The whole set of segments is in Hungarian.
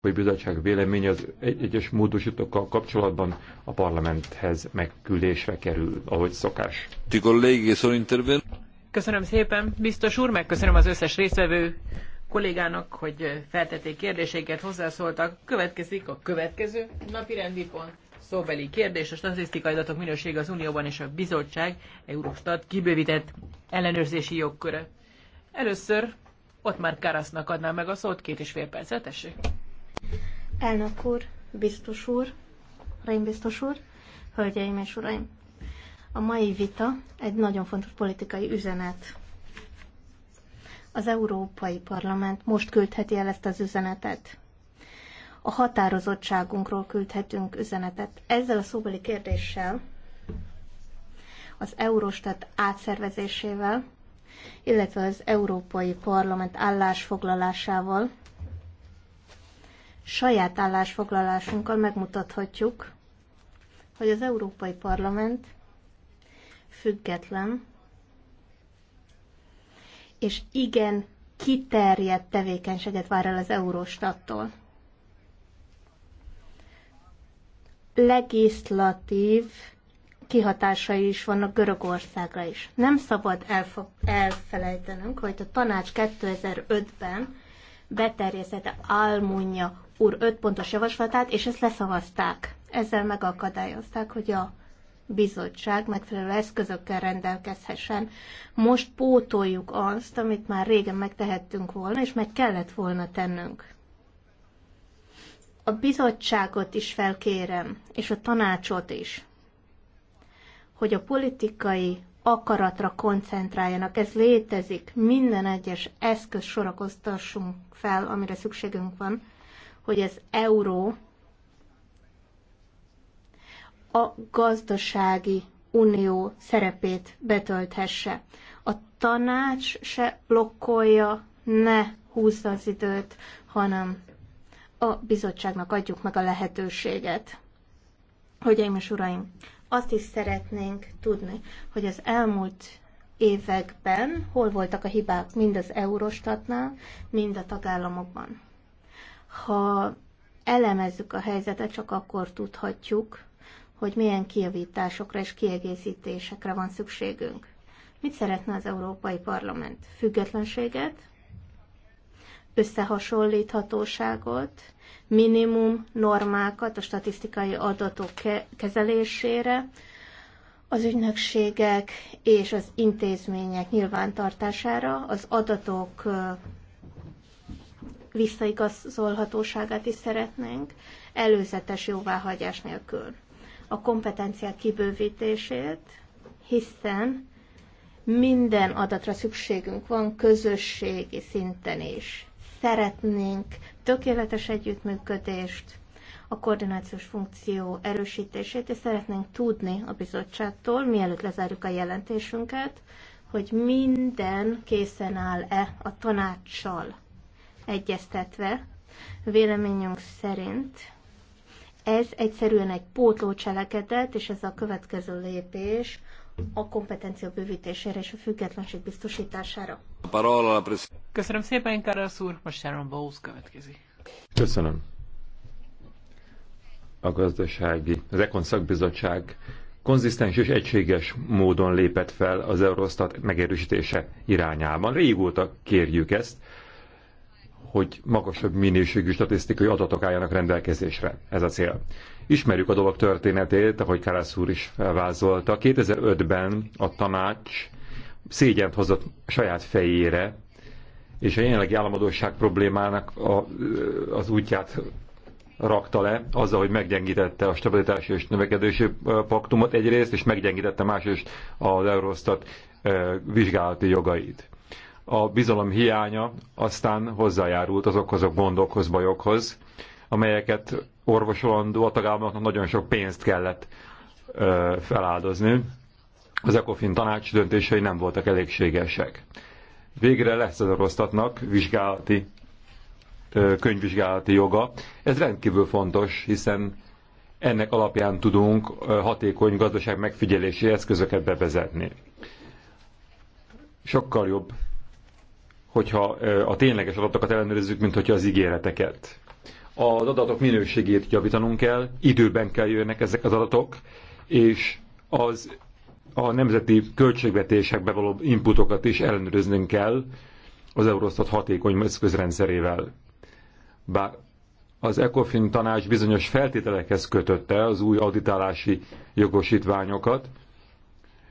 hogy bizottság véleménye az egyes módosítókkal kapcsolatban a parlamenthez megküldésre kerül, ahogy szokás. Köszönöm szépen, biztos úr, megköszönöm az összes résztvevő kollégának, hogy feltették kérdéseiket, hozzászóltak. Következik a következő napi rendi pont. Szóbeli kérdés, a statisztikai adatok minősége az Unióban és a Bizottság Eurostat kibővített ellenőrzési jogköre. Először ott már Karasznak adnám meg a szót, két és fél percet, tessék. Elnök úr, biztos úr, biztos úr, hölgyeim és uraim! A mai vita egy nagyon fontos politikai üzenet. Az Európai Parlament most küldheti el ezt az üzenetet. A határozottságunkról küldhetünk üzenetet. Ezzel a szóbeli kérdéssel, az Eurostat átszervezésével, illetve az Európai Parlament állásfoglalásával saját állásfoglalásunkkal megmutathatjuk, hogy az Európai Parlament független és igen kiterjedt tevékenységet vár el az Euróstattól. Legislatív kihatásai is vannak Görögországra is. Nem szabad elfelejtenünk, hogy a tanács 2005-ben beterjesztette Almunia úr öt pontos javaslatát, és ezt leszavazták. Ezzel megakadályozták, hogy a bizottság megfelelő eszközökkel rendelkezhessen. Most pótoljuk azt, amit már régen megtehettünk volna, és meg kellett volna tennünk. A bizottságot is felkérem, és a tanácsot is, hogy a politikai akaratra koncentráljanak. Ez létezik. Minden egyes eszköz sorakoztassunk fel, amire szükségünk van hogy az euró a gazdasági unió szerepét betölthesse. A tanács se blokkolja, ne húzza az időt, hanem a bizottságnak adjuk meg a lehetőséget. Hölgyeim és uraim, azt is szeretnénk tudni, hogy az elmúlt években hol voltak a hibák mind az Eurostatnál, mind a tagállamokban. Ha elemezzük a helyzetet, csak akkor tudhatjuk, hogy milyen kiavításokra és kiegészítésekre van szükségünk. Mit szeretne az Európai Parlament? Függetlenséget, összehasonlíthatóságot, minimum normákat a statisztikai adatok kezelésére, az ügynökségek és az intézmények nyilvántartására, az adatok visszaigazolhatóságát is szeretnénk, előzetes jóváhagyás nélkül. A kompetenciák kibővítését, hiszen minden adatra szükségünk van közösségi szinten is. Szeretnénk tökéletes együttműködést, a koordinációs funkció erősítését, és szeretnénk tudni a bizottságtól, mielőtt lezárjuk a jelentésünket, hogy minden készen áll-e a tanácssal egyeztetve, véleményünk szerint ez egyszerűen egy pótló cselekedet, és ez a következő lépés a kompetencia bővítésére és a függetlenség biztosítására. Köszönöm szépen, Karel Szúr, most Sharon Bowles következik. Köszönöm. A gazdasági, az Ekon szakbizottság konzisztens és egységes módon lépett fel az Eurostat megerősítése irányában. Régóta kérjük ezt, hogy magasabb minőségű statisztikai adatok álljanak rendelkezésre. Ez a cél. Ismerjük a dolog történetét, ahogy Kárász úr is felvázolta. 2005-ben a tanács szégyent hozott saját fejére, és a jelenlegi államadóság problémának a, az útját rakta le azzal, hogy meggyengítette a stabilitási és növekedési paktumot egyrészt, és meggyengítette másrészt az Eurostat vizsgálati jogait a bizalom hiánya aztán hozzájárult azokhoz a gondokhoz, bajokhoz, amelyeket orvosolandó a tagállamoknak nagyon sok pénzt kellett ö, feláldozni. Az ECOFIN tanács döntései nem voltak elégségesek. Végre lesz az orosztatnak vizsgálati, ö, könyvvizsgálati joga. Ez rendkívül fontos, hiszen ennek alapján tudunk hatékony gazdaság megfigyelési eszközöket bevezetni. Sokkal jobb hogyha a tényleges adatokat ellenőrizzük, mint hogyha az ígéreteket. Az adatok minőségét javítanunk kell, időben kell jönnek ezek az adatok, és az a nemzeti költségvetésekbe való inputokat is ellenőriznünk kell az Eurostat hatékony eszközrendszerével. Bár az ECOFIN tanács bizonyos feltételekhez kötötte az új auditálási jogosítványokat,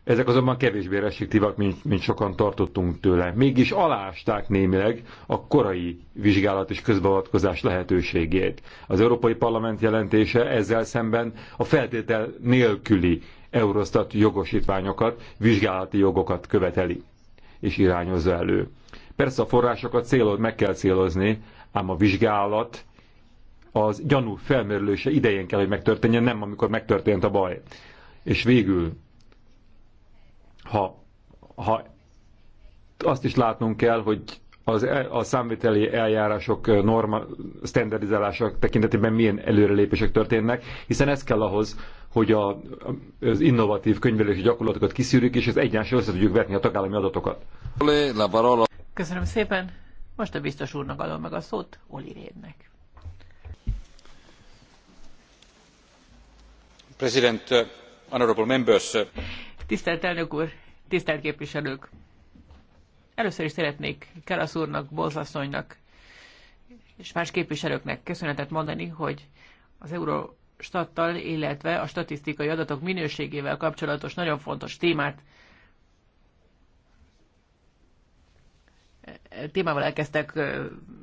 ezek azonban kevésbé restriktívak, mint, mint sokan tartottunk tőle. Mégis alásták némileg a korai vizsgálat és közbeavatkozás lehetőségét. Az Európai Parlament jelentése ezzel szemben a feltétel nélküli Eurostat jogosítványokat, vizsgálati jogokat követeli és irányozza elő. Persze a forrásokat célod meg kell célozni, ám a vizsgálat az gyanú felmerülése idején kell, hogy megtörténjen, nem amikor megtörtént a baj. És végül ha, ha azt is látnunk kell, hogy az, e, a számviteli eljárások norma standardizálása tekintetében milyen előrelépések történnek, hiszen ez kell ahhoz, hogy a, az innovatív könyvelési gyakorlatokat kiszűrjük, és az egyenlően össze tudjuk vetni a tagállami adatokat. Köszönöm szépen. Most a biztos úrnak adom meg a szót, Oli Rédnek. President, honorable members. Tisztelt elnök úr, tisztelt képviselők! Először is szeretnék Kerasz úrnak, Bolzasszonynak és más képviselőknek köszönetet mondani, hogy az Eurostattal, illetve a statisztikai adatok minőségével kapcsolatos nagyon fontos témát témával elkezdtek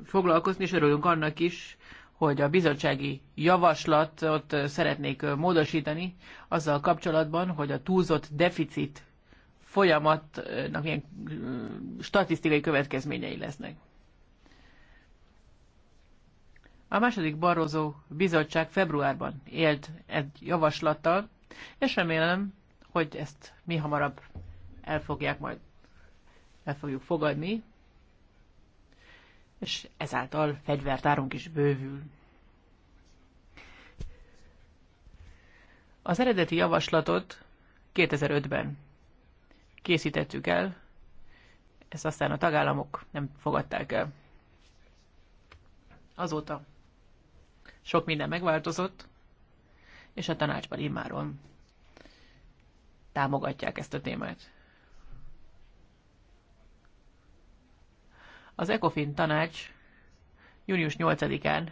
foglalkozni, és örülünk annak is, hogy a bizottsági javaslatot szeretnék módosítani azzal kapcsolatban, hogy a túlzott deficit folyamatnak milyen statisztikai következményei lesznek. A második Barrozó bizottság februárban élt egy javaslattal, és remélem, hogy ezt mi hamarabb el fogják majd el fogjuk fogadni, és ezáltal fegyvertárunk is bővül. Az eredeti javaslatot 2005-ben készítettük el, ezt aztán a tagállamok nem fogadták el. Azóta sok minden megváltozott, és a tanácsban immáron támogatják ezt a témát. Az ECOFIN tanács június 8-án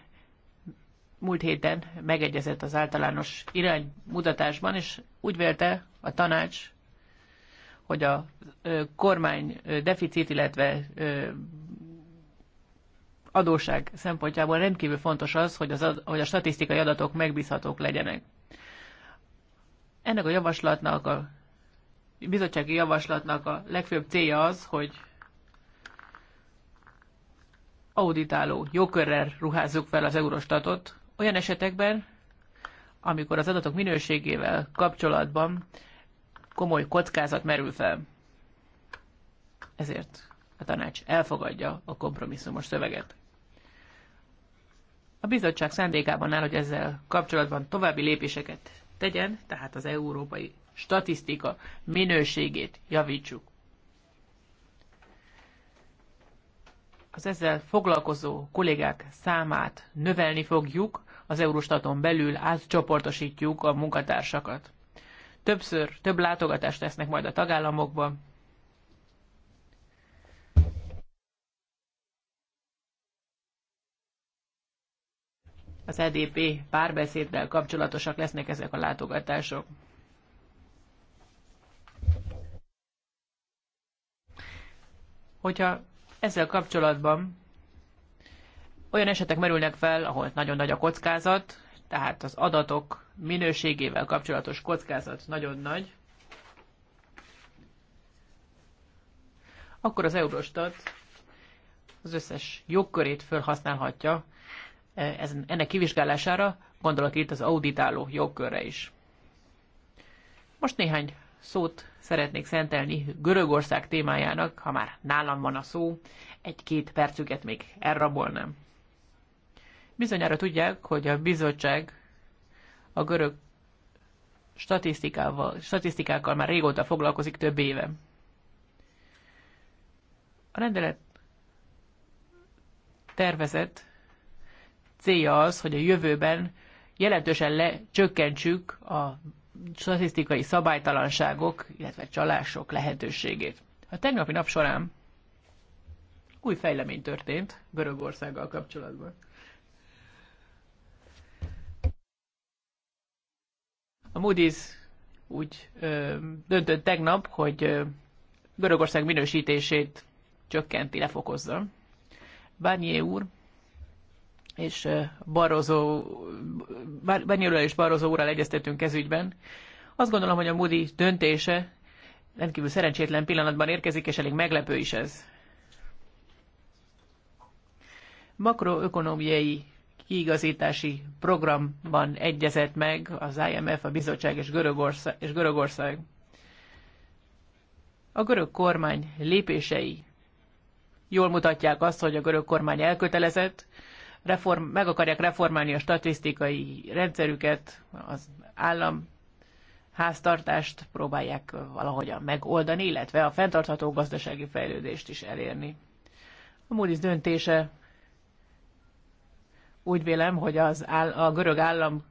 múlt héten megegyezett az általános iránymutatásban, és úgy vélte a tanács, hogy a kormány deficit, illetve adóság szempontjából rendkívül fontos az, hogy, az, hogy a statisztikai adatok megbízhatók legyenek. Ennek a javaslatnak, a bizottsági javaslatnak a legfőbb célja az, hogy auditáló jogkörrel ruházzuk fel az Eurostatot olyan esetekben, amikor az adatok minőségével kapcsolatban komoly kockázat merül fel. Ezért a tanács elfogadja a kompromisszumos szöveget. A bizottság szándékában áll, hogy ezzel kapcsolatban további lépéseket tegyen, tehát az európai statisztika minőségét javítsuk. az ezzel foglalkozó kollégák számát növelni fogjuk, az Eurostaton belül átcsoportosítjuk a munkatársakat. Többször több látogatást tesznek majd a tagállamokba, az EDP párbeszéddel kapcsolatosak lesznek ezek a látogatások. Hogyha ezzel kapcsolatban olyan esetek merülnek fel, ahol nagyon nagy a kockázat, tehát az adatok minőségével kapcsolatos kockázat nagyon nagy, akkor az Eurostat az összes jogkörét felhasználhatja e, ennek kivizsgálására, gondolok itt az auditáló jogkörre is. Most néhány szót szeretnék szentelni Görögország témájának, ha már nálam van a szó, egy-két percüket még elrabolnám. Bizonyára tudják, hogy a bizottság a görög statisztikával, statisztikákkal már régóta foglalkozik több éve. A rendelet tervezett célja az, hogy a jövőben jelentősen lecsökkentsük a statisztikai szabálytalanságok, illetve csalások lehetőségét. A tegnapi nap során új fejlemény történt Görögországgal kapcsolatban. A Moody's úgy ö, döntött tegnap, hogy ö, Görögország minősítését csökkenti, lefokozza. Bárnyi úr és Barozó, Benyőről és Barozó úrral egyeztetünk ez ügyben. Azt gondolom, hogy a Moody döntése rendkívül szerencsétlen pillanatban érkezik, és elég meglepő is ez. Makroökonomiai kiigazítási programban egyezett meg az IMF, a bizottság és Görögország. És Görögország. A görög kormány lépései jól mutatják azt, hogy a görög kormány elkötelezett, reform, meg akarják reformálni a statisztikai rendszerüket, az állam háztartást próbálják valahogyan megoldani, illetve a fenntartható gazdasági fejlődést is elérni. A Moody's döntése úgy vélem, hogy az áll, a görög állam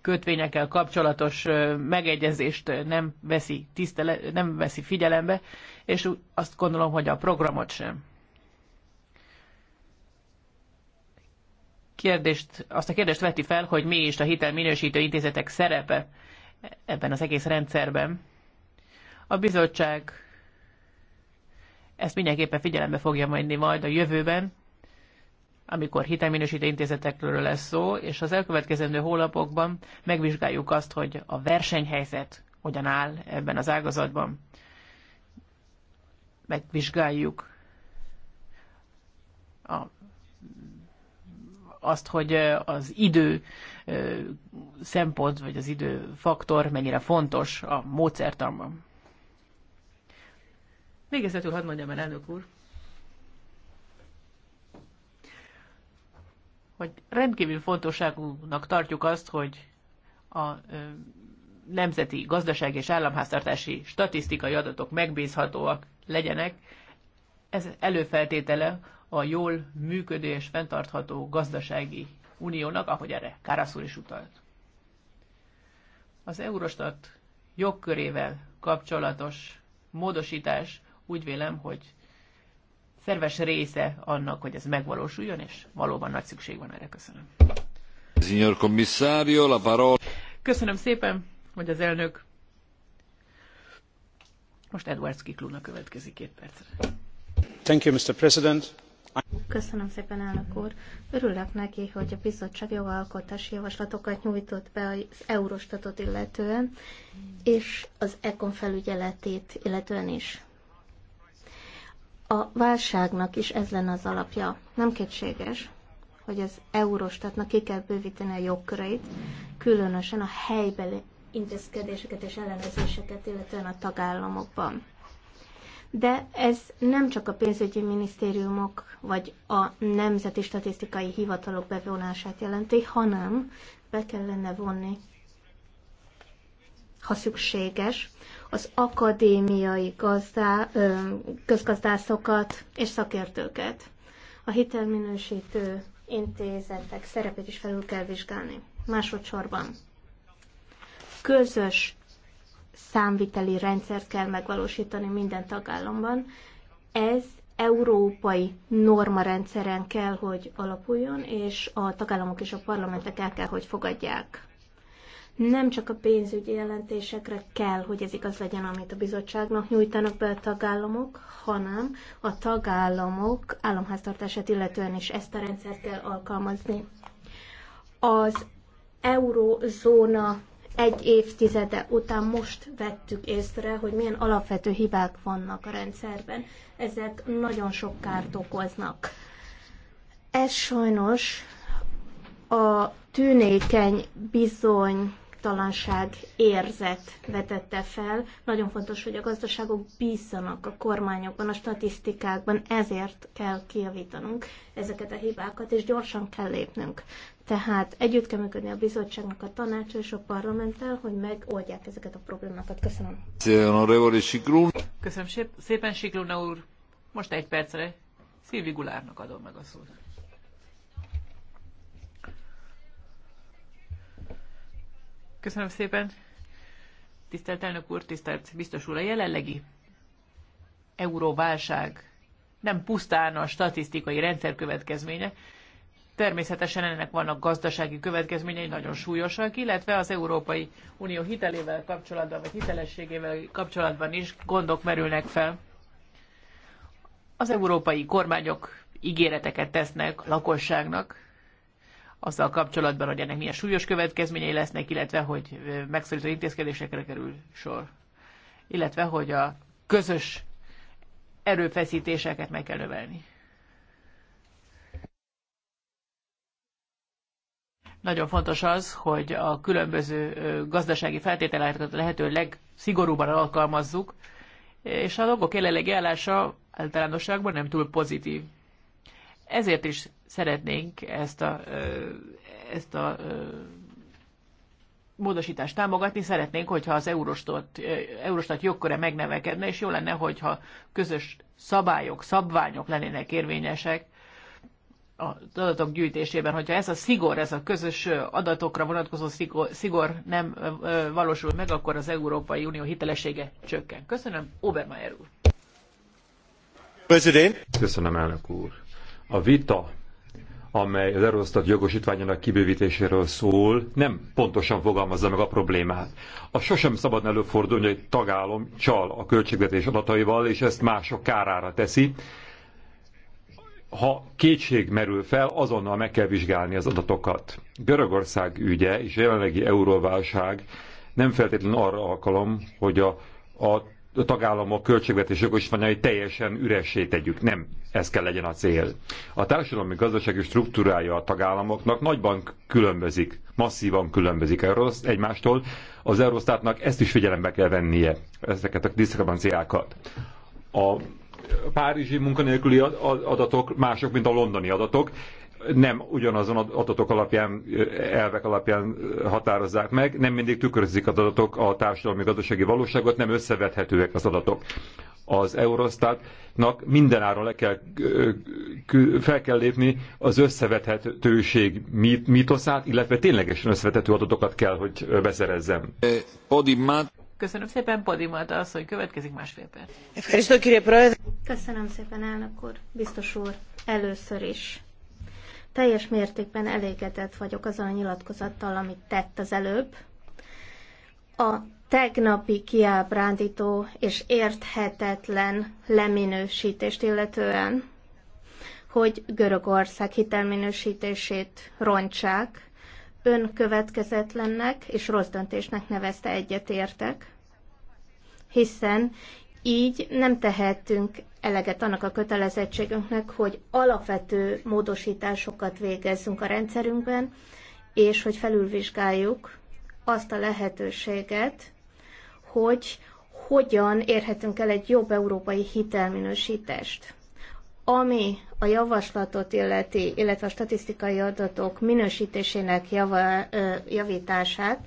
kötvényekkel kapcsolatos megegyezést nem veszi, tisztele, nem veszi figyelembe, és azt gondolom, hogy a programot sem. kérdést, azt a kérdést veti fel, hogy mi is a hitelminősítő intézetek szerepe ebben az egész rendszerben. A bizottság ezt mindenképpen figyelembe fogja majdni majd a jövőben, amikor hitelminősítő intézetekről lesz szó, és az elkövetkezendő hónapokban megvizsgáljuk azt, hogy a versenyhelyzet hogyan áll ebben az ágazatban. Megvizsgáljuk a azt, hogy az idő szempont, vagy az idő faktor mennyire fontos a módszertanban. Végezetül hadd mondjam el, elnök úr, hogy rendkívül fontosságúnak tartjuk azt, hogy a nemzeti gazdaság és államháztartási statisztikai adatok megbízhatóak legyenek. Ez előfeltétele a jól működő és fenntartható gazdasági uniónak, ahogy erre Kárász is utalt. Az Eurostat jogkörével kapcsolatos módosítás úgy vélem, hogy szerves része annak, hogy ez megvalósuljon, és valóban nagy szükség van erre. Köszönöm. Köszönöm szépen, hogy az elnök most Edwards Kikluna következik két percre. Thank you, Mr. President. Köszönöm szépen, elnök úr. Örülök neki, hogy a bizottság jogalkotási javaslatokat nyújtott be az Eurostatot illetően, és az ECON felügyeletét illetően is. A válságnak is ez lenne az alapja. Nem kétséges, hogy az Eurostatnak ki kell bővíteni a jogköreit, különösen a helybeli intézkedéseket és ellenőrzéseket, illetően a tagállamokban de ez nem csak a pénzügyi minisztériumok vagy a nemzeti statisztikai hivatalok bevonását jelenti, hanem be kellene vonni, ha szükséges, az akadémiai gazdá, közgazdászokat és szakértőket. A hitelminősítő intézetek szerepét is felül kell vizsgálni. Másodszorban közös számviteli rendszert kell megvalósítani minden tagállamban. Ez európai normarendszeren kell, hogy alapuljon, és a tagállamok és a parlamentek el kell, hogy fogadják. Nem csak a pénzügyi jelentésekre kell, hogy ez igaz legyen, amit a bizottságnak nyújtanak be a tagállamok, hanem a tagállamok államháztartását illetően is ezt a rendszert kell alkalmazni. Az eurozóna egy évtizede után most vettük észre, hogy milyen alapvető hibák vannak a rendszerben. Ezek nagyon sok kárt okoznak. Ez sajnos a tűnékeny bizony bizonytalanság érzet vetette fel. Nagyon fontos, hogy a gazdaságok bízzanak a kormányokban, a statisztikákban, ezért kell kiavítanunk ezeket a hibákat, és gyorsan kell lépnünk. Tehát együtt kell működni a bizottságnak, a tanács és a parlamenttel, hogy megoldják ezeket a problémákat. Köszönöm. Köszönöm szépen, Sikluna úr. Most egy percre Szilvi Gulárnak adom meg a szót. Köszönöm szépen. Tisztelt elnök úr, tisztelt biztos úr, a jelenlegi euróválság nem pusztán a statisztikai rendszer következménye, Természetesen ennek vannak gazdasági következményei, nagyon súlyosak, illetve az Európai Unió hitelével kapcsolatban, vagy hitelességével kapcsolatban is gondok merülnek fel. Az európai kormányok ígéreteket tesznek a lakosságnak, azzal kapcsolatban, hogy ennek milyen súlyos következményei lesznek, illetve hogy megszorító intézkedésekre kerül sor. Illetve, hogy a közös erőfeszítéseket meg kell növelni. Nagyon fontos az, hogy a különböző gazdasági feltételeket lehető legszigorúban alkalmazzuk, és a dolgok jelenlegi állása általánosságban nem túl pozitív. Ezért is szeretnénk ezt a, ezt a módosítást támogatni, szeretnénk, hogyha az Eurostat, Eurostat jogköre megnevekedne, és jó lenne, hogyha közös szabályok, szabványok lennének érvényesek az adatok gyűjtésében, hogyha ez a szigor, ez a közös adatokra vonatkozó szigor, szigor nem valósul meg, akkor az Európai Unió hitelessége csökken. Köszönöm, Obermeier úr. Köszönöm, elnök úr. A vita, amely az Eurostat jogosítványának kibővítéséről szól, nem pontosan fogalmazza meg a problémát. A sosem szabad előfordulni, hogy tagállom csal a költségvetés adataival, és ezt mások kárára teszi, ha kétség merül fel, azonnal meg kell vizsgálni az adatokat. Görögország ügye és a jelenlegi euróválság nem feltétlenül arra alkalom, hogy a, a a tagállamok költségvetés jogosítványai teljesen üressé tegyük. Nem ez kell legyen a cél. A társadalmi gazdasági struktúrája a tagállamoknak nagyban különbözik, masszívan különbözik egymástól. Az Eurostatnak ezt is figyelembe kell vennie, ezeket a diszkrepanciákat. A párizsi munkanélküli adatok mások, mint a londoni adatok. Nem ugyanazon adatok alapján, elvek alapján határozzák meg, nem mindig tükrözik az adatok a társadalmi gazdasági valóságot, nem összevethetőek az adatok. Az Eurostatnak mindenáron le kell, fel kell lépni az összevethetőség mítoszát, illetve ténylegesen összevethető adatokat kell, hogy beszerezzem. Eh, Köszönöm szépen, Podimata asszony, következik másfél perc. Köszönöm szépen, elnök úr, biztos úr, először is. Teljes mértékben elégedett vagyok azzal a nyilatkozattal, amit tett az előbb. A tegnapi kiábrándító és érthetetlen leminősítést illetően, hogy Görögország hitelminősítését rontsák, önkövetkezetlennek és rossz döntésnek nevezte egyetértek, hiszen így nem tehetünk eleget annak a kötelezettségünknek, hogy alapvető módosításokat végezzünk a rendszerünkben, és hogy felülvizsgáljuk azt a lehetőséget, hogy hogyan érhetünk el egy jobb európai hitelminősítést. Ami a javaslatot illeti, illetve a statisztikai adatok minősítésének java, javítását,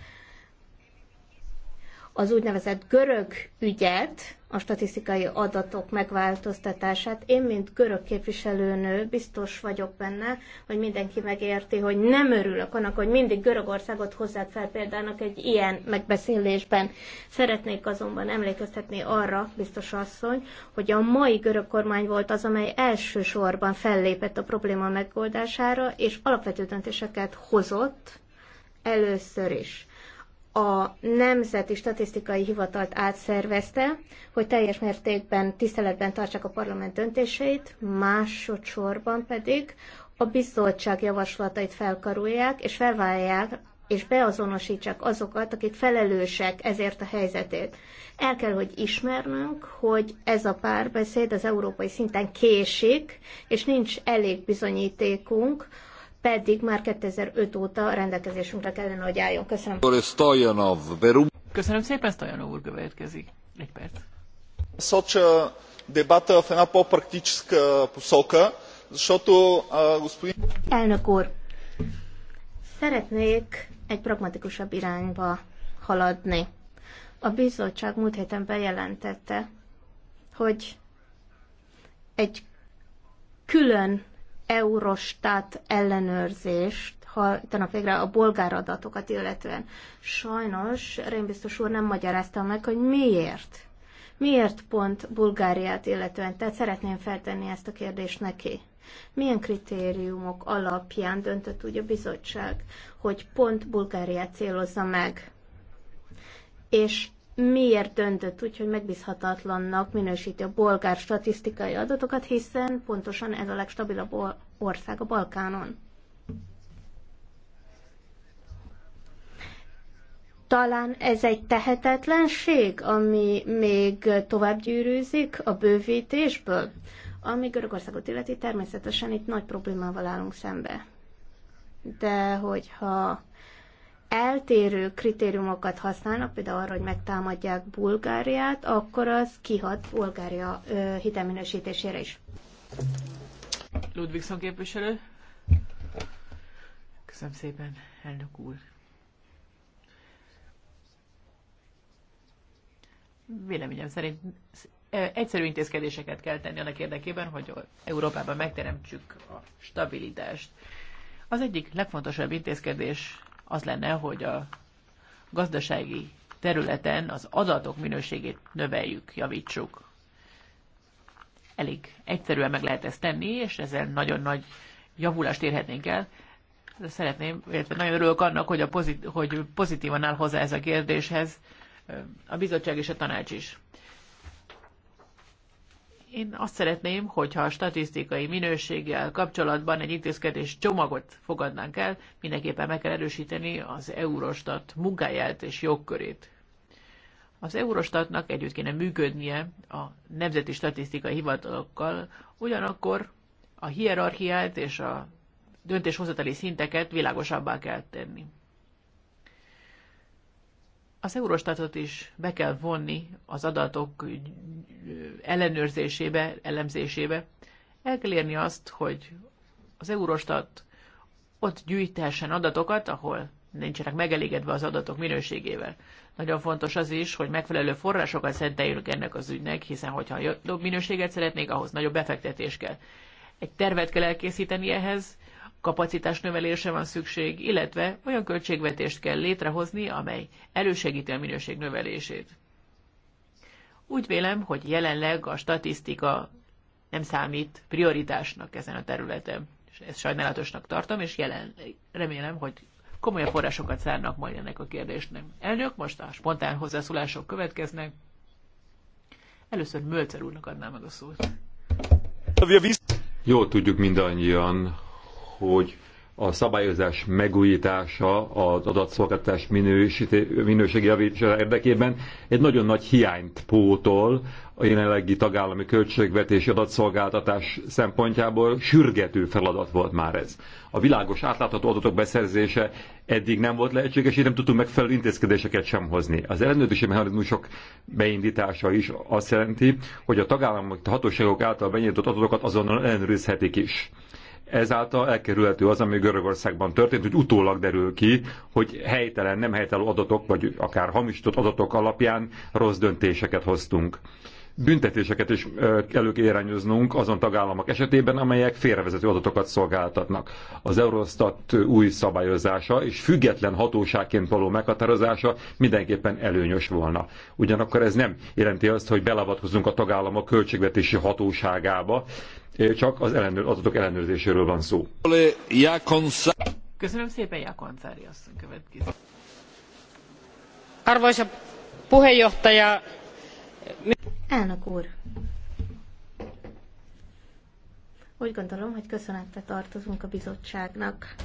az úgynevezett görög ügyet, a statisztikai adatok megváltoztatását. Én, mint görög képviselőnő, biztos vagyok benne, hogy mindenki megérti, hogy nem örülök annak, hogy mindig Görögországot hozzák fel példának egy ilyen megbeszélésben. Szeretnék azonban emlékeztetni arra, biztos asszony, hogy a mai görög kormány volt az, amely elsősorban fellépett a probléma megoldására, és alapvető döntéseket hozott először is a Nemzeti Statisztikai Hivatalt átszervezte, hogy teljes mértékben tiszteletben tartsák a parlament döntéseit, másodszorban pedig a bizottság javaslatait felkarulják és felválják és beazonosítsák azokat, akik felelősek ezért a helyzetét. El kell, hogy ismernünk, hogy ez a párbeszéd az európai szinten késik, és nincs elég bizonyítékunk pedig már 2005 óta rendelkezésünkre kellene, hogy álljon. Köszönöm. Köszönöm szépen, Stajanov úr következik. Egy perc. Соча дебата в една по-практическа защото господин... Elnök úr, szeretnék egy pragmatikusabb irányba haladni. A bizottság múlt héten bejelentette, hogy egy külön Eurostat ellenőrzést hajtanak végre a bolgáradatokat illetően. Sajnos biztos úr nem magyarázta meg, hogy miért. Miért pont Bulgáriát illetően? Tehát szeretném feltenni ezt a kérdést neki. Milyen kritériumok alapján döntött úgy a bizottság, hogy pont Bulgáriát célozza meg? És miért döntött úgy, hogy megbízhatatlannak minősíti a bolgár statisztikai adatokat, hiszen pontosan ez a legstabilabb ország a Balkánon. Talán ez egy tehetetlenség, ami még tovább gyűrűzik a bővítésből, ami Görögországot illeti, természetesen itt nagy problémával állunk szembe. De hogyha eltérő kritériumokat használnak, például arra, hogy megtámadják Bulgáriát, akkor az kihat Bulgária hitelminősítésére is. Ludvigson képviselő. Köszönöm szépen, elnök úr. Véleményem szerint egyszerű intézkedéseket kell tenni annak érdekében, hogy Európában megteremtsük a stabilitást. Az egyik legfontosabb intézkedés az lenne, hogy a gazdasági területen az adatok minőségét növeljük, javítsuk. Elég egyszerűen meg lehet ezt tenni, és ezzel nagyon nagy javulást érhetnénk el. De szeretném, illetve nagyon örülök annak, hogy, a pozit, hogy pozitívan áll hozzá ez a kérdéshez a bizottság és a tanács is. Én azt szeretném, hogyha a statisztikai minőséggel kapcsolatban egy intézkedés csomagot fogadnánk el, mindenképpen meg kell erősíteni az Eurostat munkáját és jogkörét. Az Eurostatnak együtt kéne működnie a nemzeti statisztikai hivatalokkal, ugyanakkor a hierarchiát és a döntéshozatali szinteket világosabbá kell tenni az Eurostatot is be kell vonni az adatok ellenőrzésébe, elemzésébe. El kell érni azt, hogy az Eurostat ott gyűjthessen adatokat, ahol nincsenek megelégedve az adatok minőségével. Nagyon fontos az is, hogy megfelelő forrásokat szenteljünk ennek az ügynek, hiszen hogyha jobb minőséget szeretnék, ahhoz nagyobb befektetés kell. Egy tervet kell elkészíteni ehhez, kapacitás növelése van szükség, illetve olyan költségvetést kell létrehozni, amely elősegíti a minőség növelését. Úgy vélem, hogy jelenleg a statisztika nem számít prioritásnak ezen a területen. És ezt sajnálatosnak tartom, és jelen remélem, hogy komolyabb forrásokat szárnak majd ennek a kérdésnek. Elnök, most a spontán hozzászólások következnek. Először Mölcer úrnak adnám meg a szót. Jó tudjuk mindannyian, hogy a szabályozás megújítása az adatszolgáltatás minőségi javítása érdekében egy nagyon nagy hiányt pótol a jelenlegi tagállami költségvetési adatszolgáltatás szempontjából sürgető feladat volt már ez. A világos átlátható adatok beszerzése eddig nem volt lehetséges, így nem tudtunk megfelelő intézkedéseket sem hozni. Az ellenőrzési mechanizmusok beindítása is azt jelenti, hogy a tagállamok, a hatóságok által benyújtott adatokat azonnal ellenőrizhetik is Ezáltal elkerülhető az, ami Görögországban történt, hogy utólag derül ki, hogy helytelen, nem helytelen adatok, vagy akár hamisított adatok alapján rossz döntéseket hoztunk büntetéseket is elő irányoznunk azon tagállamok esetében, amelyek félrevezető adatokat szolgáltatnak. Az Eurostat új szabályozása és független hatóságként való meghatározása mindenképpen előnyös volna. Ugyanakkor ez nem jelenti azt, hogy belavatkozunk a tagállamok költségvetési hatóságába, csak az ellenőr, adatok ellenőrzéséről van szó. Köszönöm szépen, Jákoncári asszony következő. Arvoisa puheenjohtaja, Elnök úr! Úgy gondolom, hogy köszönetre tartozunk a bizottságnak.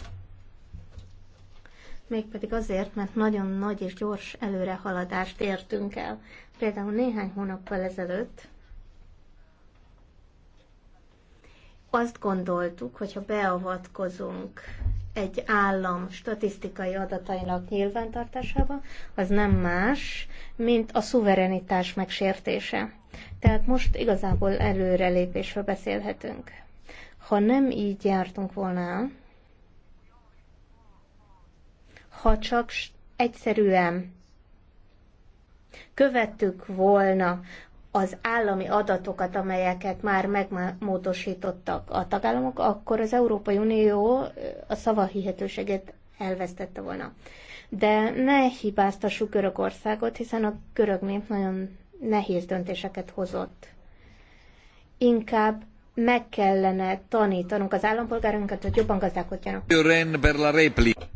Mégpedig azért, mert nagyon nagy és gyors előrehaladást értünk el. Például néhány hónappal ezelőtt azt gondoltuk, hogy ha beavatkozunk egy állam statisztikai adatainak nyilvántartásába, az nem más, mint a szuverenitás megsértése. Tehát most igazából előrelépésről beszélhetünk. Ha nem így jártunk volna, ha csak egyszerűen követtük volna az állami adatokat, amelyeket már megmódosítottak a tagállamok, akkor az Európai Unió a hihetőséget elvesztette volna. De ne hibáztassuk Görögországot, hiszen a görög nép nagyon nehéz döntéseket hozott. Inkább meg kellene tanítanunk az állampolgárunkat, hogy jobban gazdálkodjanak.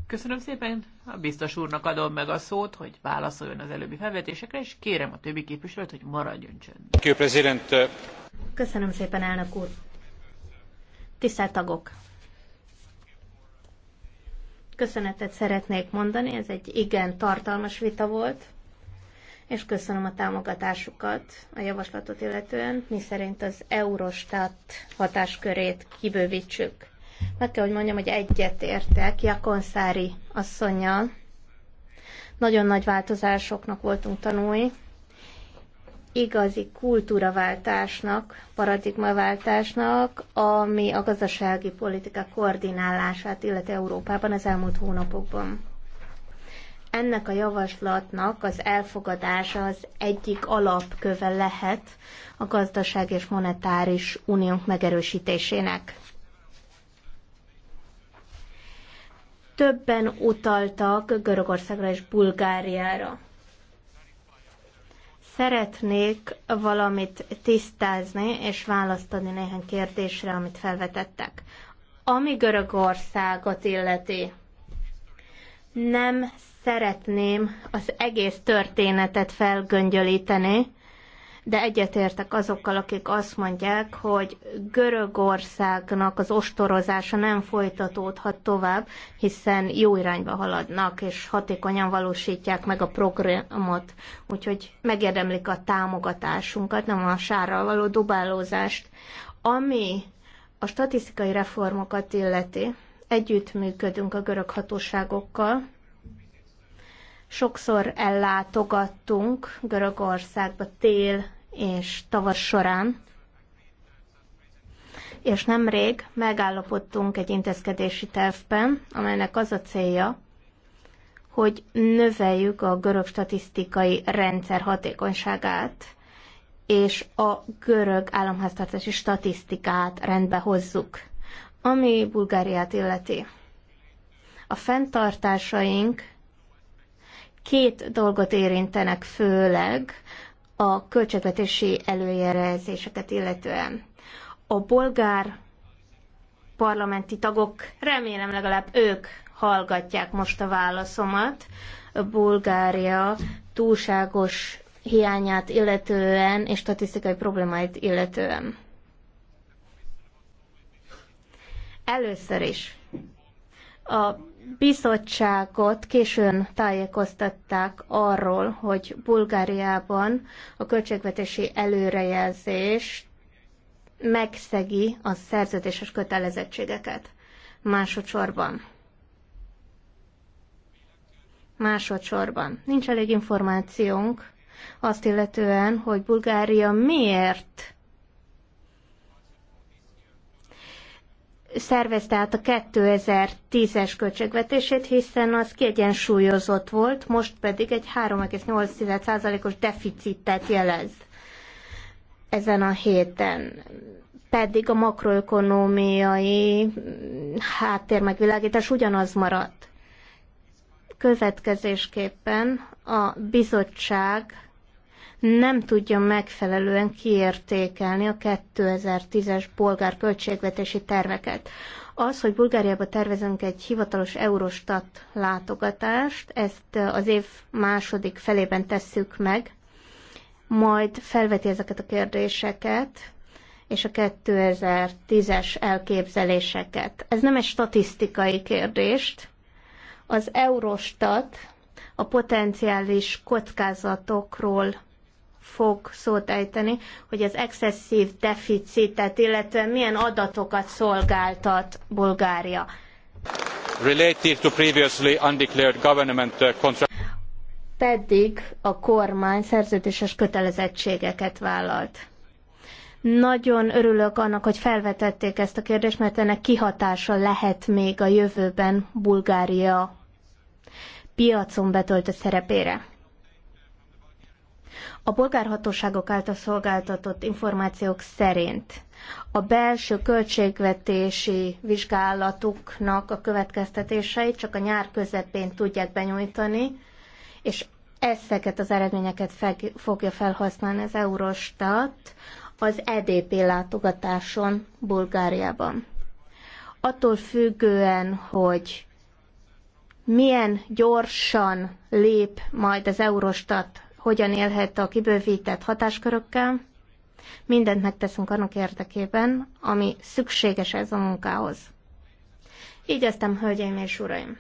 Köszönöm szépen. A biztos úrnak adom meg a szót, hogy válaszoljon az előbbi felvetésekre, és kérem a többi képviselőt, hogy maradjon csöndben. Köszönöm szépen, elnök úr. Tisztelt tagok! Köszönetet szeretnék mondani, ez egy igen tartalmas vita volt és köszönöm a támogatásukat a javaslatot illetően, mi szerint az Eurostat hatáskörét kibővítsük. Meg kell, hogy mondjam, hogy egyet értek Jakonszári asszonyjal. Nagyon nagy változásoknak voltunk tanulni, igazi kultúraváltásnak, paradigmaváltásnak, ami a gazdasági politika koordinálását illeti Európában az elmúlt hónapokban ennek a javaslatnak az elfogadása az egyik alapköve lehet a gazdaság és monetáris uniónk megerősítésének. Többen utaltak Görögországra és Bulgáriára. Szeretnék valamit tisztázni és választani néhány kérdésre, amit felvetettek. Ami Görögországot illeti, nem szeretném az egész történetet felgöngyölíteni, de egyetértek azokkal, akik azt mondják, hogy Görögországnak az ostorozása nem folytatódhat tovább, hiszen jó irányba haladnak, és hatékonyan valósítják meg a programot, úgyhogy megérdemlik a támogatásunkat, nem a sárral való dobálózást. Ami a statisztikai reformokat illeti, együttműködünk a görög hatóságokkal, Sokszor ellátogattunk Görögországba tél és tavasz során, és nemrég megállapodtunk egy intézkedési tervben, amelynek az a célja, hogy növeljük a görög statisztikai rendszer hatékonyságát, és a görög államháztartási statisztikát rendbe hozzuk, ami Bulgáriát illeti. A fenntartásaink Két dolgot érintenek főleg a költségvetési előjelzéseket illetően. A bolgár parlamenti tagok, remélem legalább ők hallgatják most a válaszomat. A Bulgária túlságos hiányát illetően és statisztikai problémáit illetően. Először is a bizottságot későn tájékoztatták arról, hogy Bulgáriában a költségvetési előrejelzés megszegi a szerződéses kötelezettségeket. Másodszorban. Másodszorban. Nincs elég információnk azt illetően, hogy Bulgária miért szervezte át a 2010-es költségvetését, hiszen az kiegyensúlyozott volt, most pedig egy 3,8%-os deficitet jelez ezen a héten. Pedig a makroökonómiai mm, háttérmegvilágítás ugyanaz maradt. Következésképpen a bizottság nem tudja megfelelően kiértékelni a 2010-es bolgár költségvetési terveket. Az, hogy Bulgáriába tervezünk egy hivatalos Eurostat látogatást, ezt az év második felében tesszük meg, majd felveti ezeket a kérdéseket, és a 2010-es elképzeléseket. Ez nem egy statisztikai kérdést. Az Eurostat a potenciális kockázatokról fog szót ejteni, hogy az excessív deficitet, illetve milyen adatokat szolgáltat Bulgária. to previously undeclared government uh, contract pedig a kormány szerződéses kötelezettségeket vállalt. Nagyon örülök annak, hogy felvetették ezt a kérdést, mert ennek kihatása lehet még a jövőben Bulgária piacon betöltött szerepére. A polgárhatóságok által szolgáltatott információk szerint a belső költségvetési vizsgálatuknak a következtetéseit csak a nyár közepén tudják benyújtani, és ezeket az eredményeket fel, fogja felhasználni az Eurostat az EDP látogatáson Bulgáriában. Attól függően, hogy milyen gyorsan lép majd az Eurostat hogyan élhet a kibővített hatáskörökkel. Mindent megteszünk annak érdekében, ami szükséges ez a munkához. Így aztán, hölgyeim és uraim!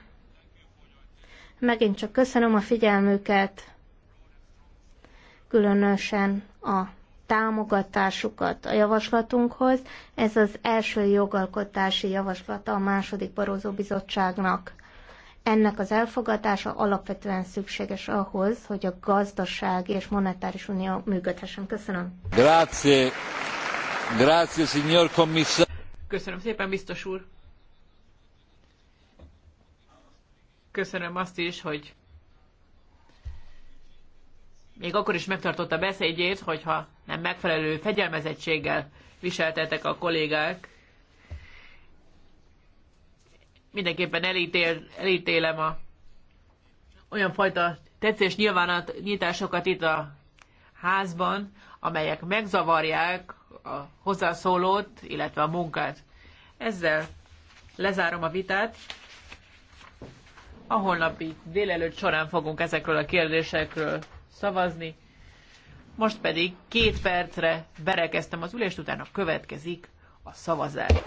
Megint csak köszönöm a figyelmüket, különösen a támogatásukat a javaslatunkhoz. Ez az első jogalkotási javaslata a második Barózó Bizottságnak. Ennek az elfogadása alapvetően szükséges ahhoz, hogy a gazdaság és monetáris unió működhessen. Köszönöm. Grazie. Grazie, signor commissar. Köszönöm szépen, biztos úr. Köszönöm azt is, hogy még akkor is megtartotta beszédjét, hogyha nem megfelelő fegyelmezettséggel viseltetek a kollégák, mindenképpen elítél, elítélem a olyan fajta tetszés nyilvánat, nyitásokat itt a házban, amelyek megzavarják a hozzászólót, illetve a munkát. Ezzel lezárom a vitát. A holnapi délelőtt során fogunk ezekről a kérdésekről szavazni. Most pedig két percre berekeztem az ülést, utána következik a szavazás.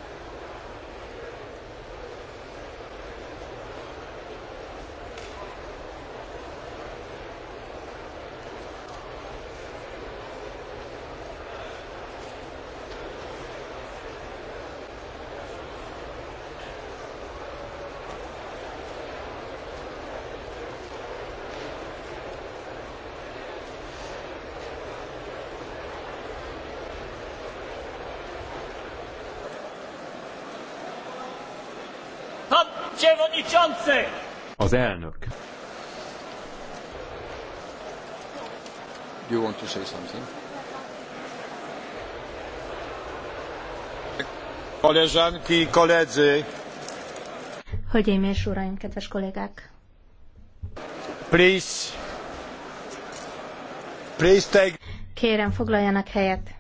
Az elnök. Do you want to say something? Koleżanki, koledzy. Hölgyeim és uraim, kedves kollégák. Please. Please take... Kérem, foglaljanak helyet.